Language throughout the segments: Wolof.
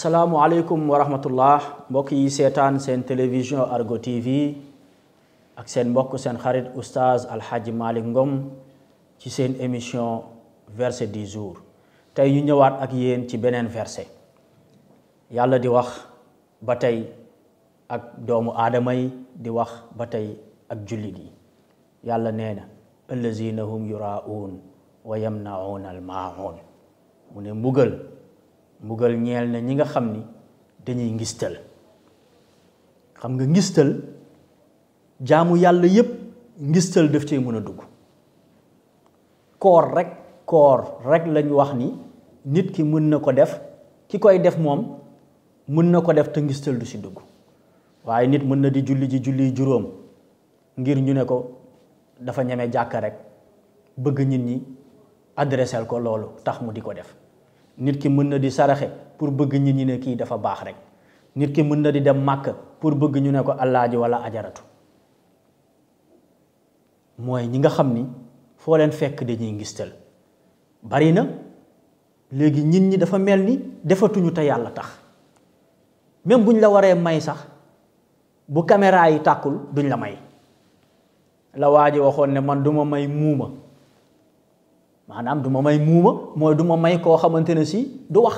salaamualeykum wa rahmatullah mbokk yi seetaan seen télévision Argo TV ak seen mbokk seen xarit oustaz Alhaji Malick Ngom ci seen émission verset di jour tey ñu ñëwaat ak yéen ci beneen verset yàlla di wax ba tey ak doomu aadama yi di wax ba tey ak jullit yi yàlla nee na allazina hum yuraun wa yamnaun almaun mu ne mbugal mbugal ñeel na ñi nga xam ni dañuy ngistal xam nga ngistal jaamu yàlla yépp ngistal daf cee mën a dugg koor rek koor rek lañu wax ni nit ki mën na ko def ki koy def moom mën na ko def te ngistal du ci dugg waaye nit mën na di julli ji julli juróom ngir ñu ne ko dafa ñeme jàkk rekk bëgg nit ñi adressel ko loolu tax mu di ko def nit ki mën na di saraxe pour bëgg nit ñi ne kii dafa baax rek nit ki mën na di dem màkk pour bëgg ñu ne ko allaaji wala ajaratu mooy ñi nga xam ni foo leen fekk dañuy ngistal bari na léegi nit ñi dafa mel ni defatuñu te yàlla tax même buñ la waree may sax bu caméra yi tàkkul duñ la may la waa ji waxoon ne man duma may muuma maanaam du ma may muuma mooy du ma may koo xamante ne si du wax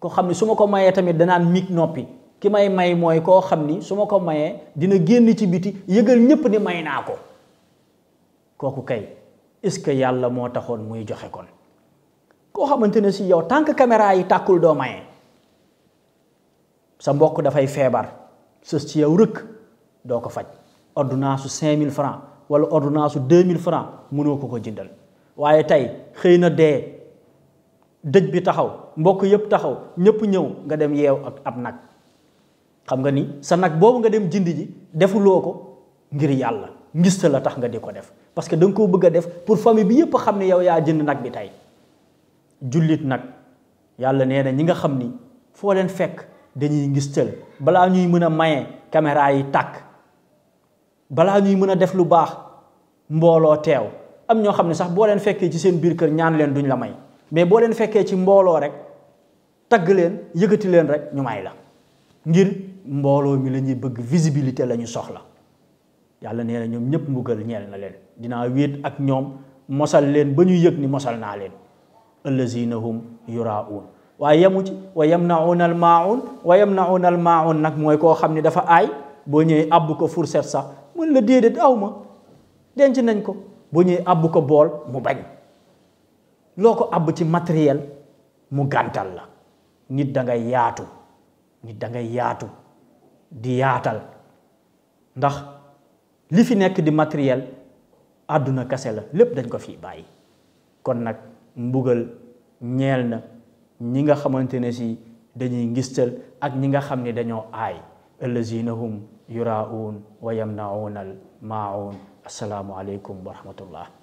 koo xam ni su ma ko mayee tamit danaan mig noppi ki may may mooy koo xam ni su ma ko mayee dina génn ci biti yëgal ñépp ni may naa ko kooku kay est-ce que yàlla moo taxoon muy joxe kon koo xamante ne si yow tant que caméra yi tàkkul doo maye sa mbokk dafay feebar sës ci yow rëkk doo ko faj ordonnance su cinq mille francs wala ordonnance su deux mille francs mënoo ko ko jëndal waaye tey xëy na dee dëj bi taxaw mbokk yëpp taxaw ñëpp ñëw nga dem yeew ak ab nag xam nga ni sa nag boobu nga dem jindi ji defuloo ko ngir yàlla ngista la tax nga di ko def parce que da nga koo bëgg a def pour famille bi yëpp xam ne yow yaa jënd nag bi tey jullit nag yàlla nee na ñi nga xam ni foo leen fekk dañuy ngis ngistal balaa ñuy mën a maye caméra yi tàkk balaa ñuy mën a def lu baax mbooloo teew am ñoo xam ne sax boo leen fekkee ci seen biir kër ñaan leen duñ la may mais boo leen fekkee ci mbooloo rek tagg leen yëkkati leen rek ñu may la ngir mbooloo mi lañuy bëgg visibilité la ñu soxla yàlla nee na ñoom ñëpp mbugal ñeel na leen dinaa wéet ak ñoom mosal leen ba ñu yëg ni mosal naa leen allazina hum yuraun waaye yemu ci wa yamnauna al maun wa yamnauna al maun nag mooy koo xam ne dafa aay boo ñëwee àbb ko fourchette sax mun la déedéet aw ma denc nañ ko bu ñuy àbb ko bool mu bañ loo ko àbb ci matériel mu gàntal la nit da yaatu nit dangay yaatu di yaatal ndax li fi nekk di matériel àdduna kase la lépp dañ ko fi bàyyi kon nag mbugal ñeel na ñi nga xamante ne si dañuy ngistal ak ñi nga xam ne dañoo aay allazinahum yuraun wa yamnaun al maun asalaamualeykum wa rahmatullah